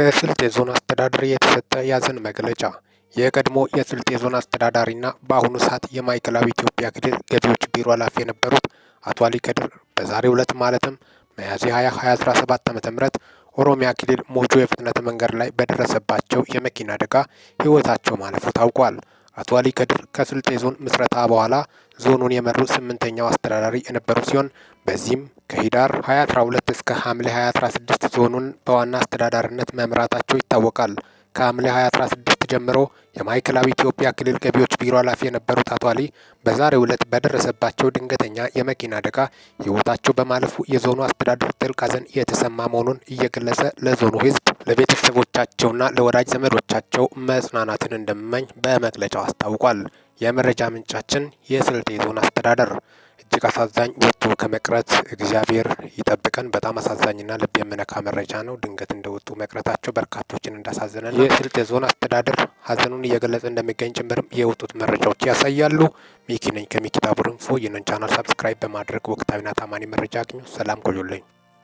ከስልጤ ዞን አስተዳደር የተሰጠ ያዘን መግለጫ። የቀድሞ የስልጤ ዞን አስተዳዳሪና በአሁኑ ሰዓት የማዕከላዊ ኢትዮጵያ ክልል ገቢዎች ቢሮ ኃላፊ የነበሩት አቶ አሊ ከድር በዛሬው ዕለት ማለትም ሚያዝያ 20 2017 ዓ.ም ኦሮሚያ ክልል ሞጆ የፍጥነት መንገድ ላይ በደረሰባቸው የመኪና አደጋ ህይወታቸው ማለፉ ታውቋል። አቶ አሊ ከድር ከስልጤ ዞን ምስረታ በኋላ ዞኑን የመሩ ስምንተኛው አስተዳዳሪ የነበሩ ሲሆን በዚህም ከሂዳር 2012 እስከ ሐምሌ 2016 ዞኑን በዋና አስተዳዳሪነት መምራታቸው ይታወቃል። ከሐምሌ 2016 ጀምሮ የማዕከላዊ ኢትዮጵያ ክልል ገቢዎች ቢሮ ኃላፊ የነበሩት አቶ አሊ በዛሬው ዕለት በደረሰባቸው ድንገተኛ የመኪና አደጋ ህይወታቸው በማለፉ የዞኑ አስተዳደር ጥልቅ ሐዘን የተሰማ መሆኑን እየገለጸ ለዞኑ ህዝብ ለቤተሰቦቻቸውና ለወዳጅ ዘመዶቻቸው መጽናናትን እንደሚመኝ በመግለጫው አስታውቋል። የመረጃ ምንጫችን የስልጤ ዞን አስተዳደር እጅግ አሳዛኝ ወጥቶ ከመቅረት እግዚአብሔር ይጠብቀን። በጣም አሳዛኝና ልብ የምነካ መረጃ ነው። ድንገት እንደወጡ መቅረታቸው በርካቶችን እንዳሳዘነ የስልጤ ዞን አስተዳደር ሀዘኑን እየገለጸ እንደሚገኝ ጭምርም የወጡት መረጃዎች ያሳያሉ። ሚኪ ነኝ ከሚኪታቡር ኢንፎ። ይህንን ቻናል ሰብስክራይብ በማድረግ ወቅታዊና ታማኒ መረጃ አግኙ። ሰላም ቆዩልኝ።